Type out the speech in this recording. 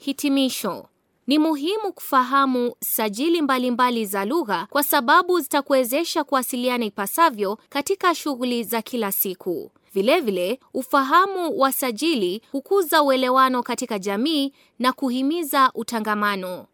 Hitimisho. Ni muhimu kufahamu sajili mbalimbali mbali za lugha kwa sababu zitakuwezesha kuwasiliana ipasavyo katika shughuli za kila siku. Vilevile vile, ufahamu wa sajili hukuza uelewano katika jamii na kuhimiza utangamano.